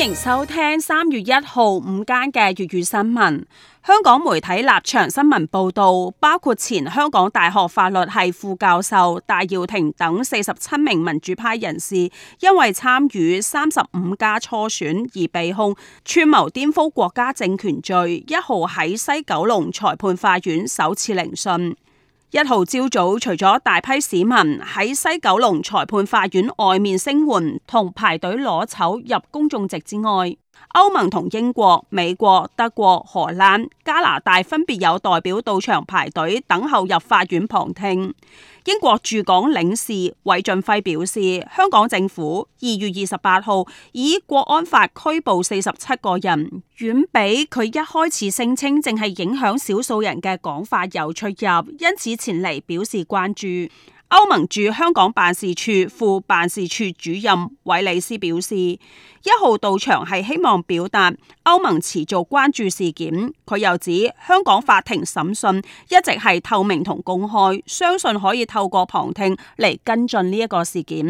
歡迎收聽三月一號午間嘅粵語新聞。香港媒體立場新聞報道，包括前香港大學法律系副教授戴耀廷等四十七名民主派人士，因為參與三十五家初選而被控串謀顛覆國家政權罪，一號喺西九龍裁判法院首次聆訊。一號朝早，除咗大批市民喺西九龍裁判法院外面聲援同排隊攞籌入公眾席之外，歐盟同英國、美國、德國、荷蘭、加拿大分別有代表到場排隊等候入法院旁聽。英國駐港領事韋俊輝表示，香港政府二月二十八號以國安法拘捕四十七個人，遠比佢一開始聲稱淨係影響少數人嘅講法有出入，因此前嚟表示關注。歐盟駐香港辦事處副辦事處主任韋利斯表示，一號到場係希望表達歐盟持續關注事件。佢又指，香港法庭審訊一直係透明同公開，相信可以透過旁聽嚟跟進呢一個事件。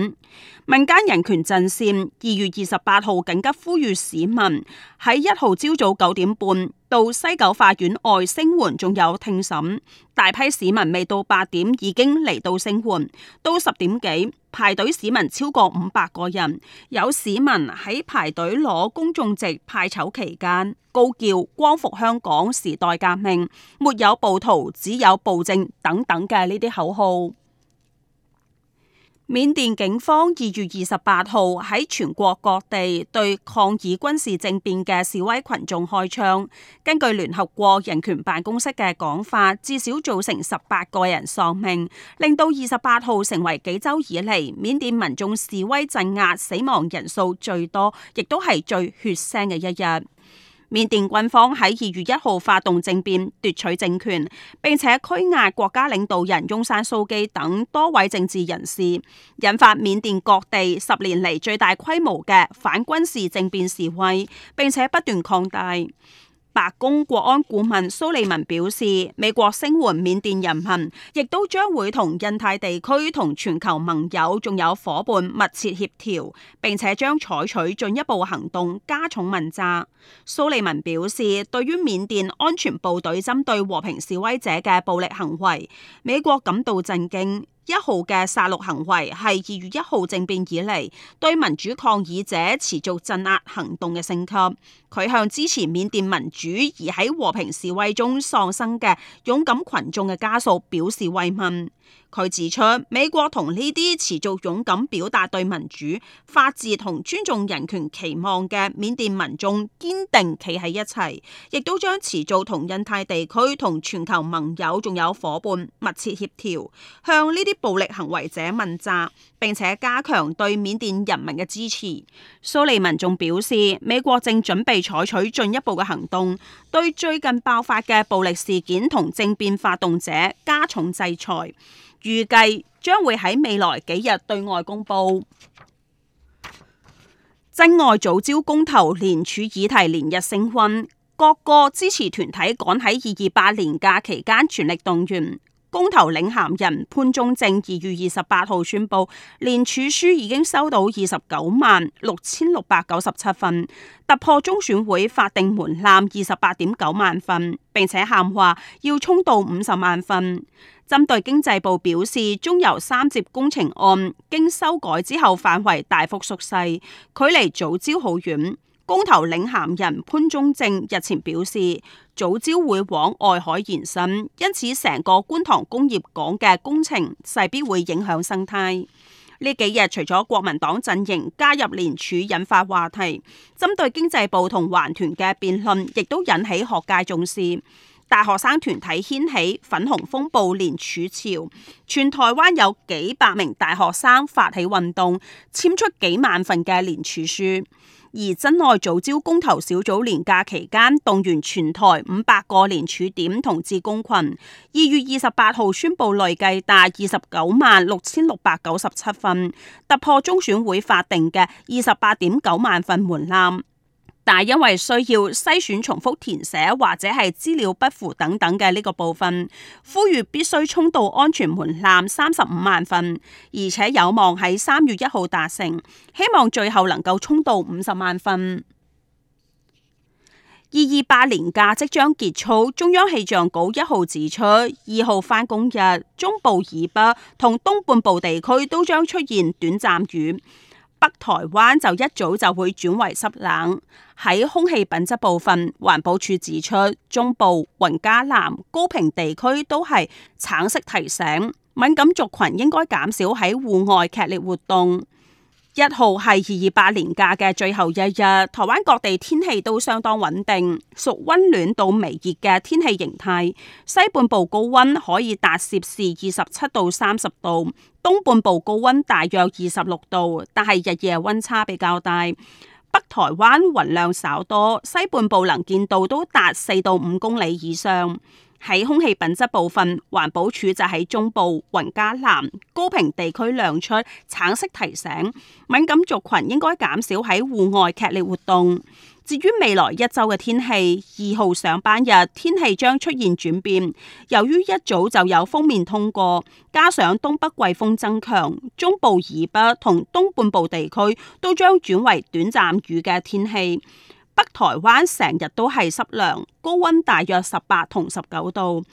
民間人權陣線二月二十八號緊急呼籲市民喺一號朝早九點半。到西九法院外聲援仲有聽審，大批市民未到八點已經嚟到聲援，到十點幾排隊市民超過五百個人，有市民喺排隊攞公眾席派籌期間，高叫光復香港、時代革命、沒有暴徒只有暴政等等嘅呢啲口號。緬甸警方二月二十八號喺全國各地對抗議軍事政變嘅示威群眾開槍，根據聯合國人權辦公室嘅講法，至少造成十八個人喪命，令到二十八號成為幾周以嚟緬甸民眾示威鎮壓死亡人數最多，亦都係最血腥嘅一日。緬甸軍方喺二月一號發動政變奪取政權，並且拘押國家領導人翁山蘇基等多位政治人士，引發緬甸各地十年嚟最大規模嘅反軍事政變示威，並且不斷擴大。白宮國安顧問蘇利文表示，美國聲援緬甸人民，亦都將會同印太地區同全球盟友，仲有伙伴密切協調，並且將採取進一步行動加重問責。蘇利文表示，對於緬甸安全部隊針對和平示威者嘅暴力行為，美國感到震驚。一號嘅殺戮行為係二月一號政變以嚟，對民主抗議者持續鎮壓行動嘅升級。佢向支持緬甸民主而喺和平示威中喪生嘅勇敢群眾嘅家屬表示慰問。佢指出，美國同呢啲持續勇敢表達對民主、法治同尊重人權期望嘅緬甸民眾堅定企喺一齊，亦都將持續同印太地區同全球盟友仲有夥伴密切協調，向呢啲暴力行為者問責，並且加強對緬甸人民嘅支持。蘇利文仲表示，美國正準備採取進一步嘅行動，對最近爆發嘅暴力事件同政變發動者加重制裁。預計將會喺未來幾日對外公布。珍愛藻礁公投連署議題連日升温，各個支持團體趕喺二二八年假期間全力動員。公投領銜人潘忠正二月二十八號宣布，連署書已經收到二十九萬六千六百九十七份，突破中選會法定門檻二十八點九萬份，並且喊話要衝到五十萬份。針對經濟部表示，中油三接工程案經修改之後範圍大幅縮細，距離藻礁好遠。公投領銜人潘忠正日前表示，藻礁會往外海延伸，因此成個觀塘工業港嘅工程勢必會影響生態。呢幾日除咗國民黨陣營加入聯署引發話題，針對經濟部同環團嘅辯論亦都引起學界重視。大學生團體掀起粉紅風暴連署潮，全台灣有幾百名大學生發起運動，簽出幾萬份嘅連署書。而珍愛藻礁公投小組連假期間動員全台五百個連署點同志工群，二月二十八號宣布累計達二十九萬六千六百九十七份，突破中選會法定嘅二十八點九萬份門檻。但因為需要篩選重複填寫或者係資料不符等等嘅呢個部分，呼籲必須衝到安全門檻三十五萬份，而且有望喺三月一號達成，希望最後能夠衝到五十萬份。二二八年假即將結束，中央氣象局一號指出，二號返工日，中部以北同東半部地區都將出現短暫雨。北台灣就一早就會轉為濕冷，喺空氣品質部分，環保署指出，中部、雲嘉南、高屏地區都係橙色提醒，敏感族群應該減少喺戶外劇烈活動。一號係二二八年假嘅最後一日，台灣各地天氣都相當穩定，屬溫暖到微熱嘅天氣形態。西半部高溫可以達攝氏二十七到三十度，東半部高溫大約二十六度，但係日夜溫差比較大。北台灣雲量稍多，西半部能見度都達四到五公里以上。喺空氣品質部分，環保署就喺中部、雲嘉南、高屏地區亮出橙色提醒，敏感族群應該減少喺戶外劇烈活動。至於未來一周嘅天氣，二號上班日天氣將出現轉變，由於一早就有鋒面通過，加上東北季風增強，中部、以北同東半部地區都將轉為短暫雨嘅天氣。北台灣成日都係濕涼，高温大約十八同十九度，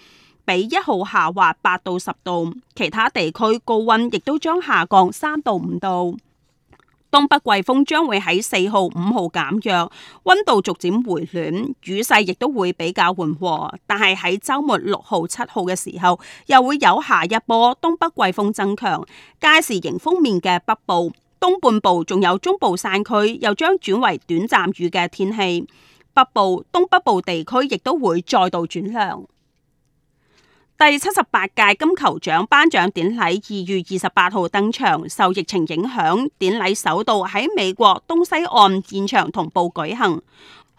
比一號下滑八到十度。其他地區高温亦都將下降三到五度。東北季風將會喺四號、五號減弱，温度逐漸回暖，雨勢亦都會比較緩和。但係喺周末六號、七號嘅時候，又會有下一波東北季風增強，屆時迎風面嘅北部。東半部仲有中部山區，又將轉為短暫雨嘅天氣。北部、東北部地區亦都會再度轉涼。第七十八屆金球獎頒獎典禮二月二十八號登場，受疫情影響，典禮首度喺美國東西岸現場同步舉行。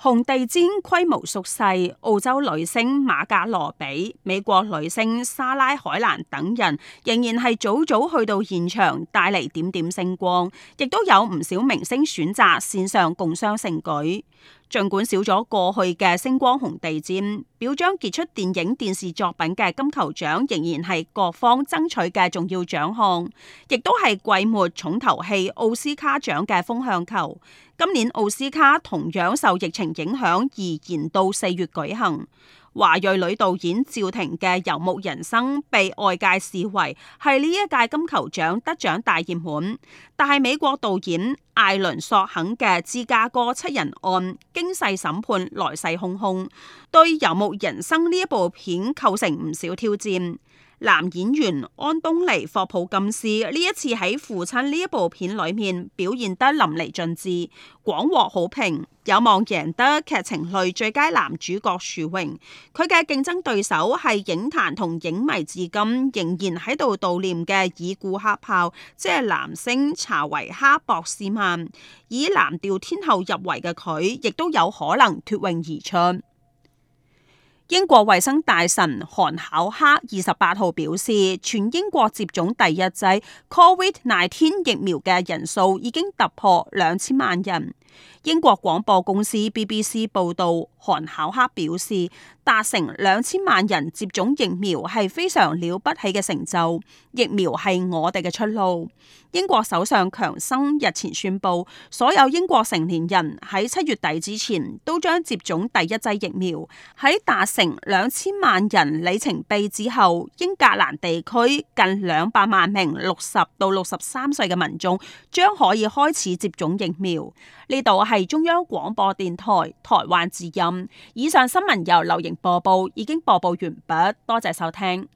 紅地氈規模屬細，澳洲女星瑪格羅比、美國女星莎拉海蘭等人仍然係早早去到現場，帶嚟點點星光；亦都有唔少明星選擇線上共襄盛舉。盡管少咗過去嘅星光紅地氈。表彰傑出電影電視作品嘅金球獎仍然係各方爭取嘅重要獎項，亦都係季末重頭戲奧斯卡獎嘅風向球。今年奧斯卡同樣受疫情影響，而延到四月舉行。華裔女導演趙婷嘅《遊牧人生》被外界視為係呢一屆金球獎得獎大熱門，但係美國導演艾倫索肯嘅《芝加哥七人案》驚世審判來勢洶洶，對《遊牧人生》呢一部片構成唔少挑戰。男演員安東尼霍普金斯呢一次喺父親呢一部片裏面表現得淋漓盡致，廣獲好評，有望贏得劇情類最佳男主角殊榮。佢嘅競爭對手係影壇同影迷至今仍然喺度悼念嘅已故黑豹，即係男星查維哈博士曼。以藍調天后入圍嘅佢，亦都有可能脫穎而出。英國衛生大臣韓考克二十八號表示，全英國接種第一劑 COVID-19 疫苗嘅人數已經突破兩千萬人。英國廣播公司 BBC 報道，韓考克表示，達成兩千萬人接種疫苗係非常了不起嘅成就，疫苗係我哋嘅出路。英國首相強生日前宣布，所有英國成年人喺七月底之前都將接種第一劑疫苗。喺達成兩千萬人里程碑之後，英格蘭地區近兩百萬名六十到六十三歲嘅民眾將可以開始接種疫苗。呢度係中央廣播電台台灣之音。以上新聞由劉瑩播報，已經播報完畢，多謝收聽。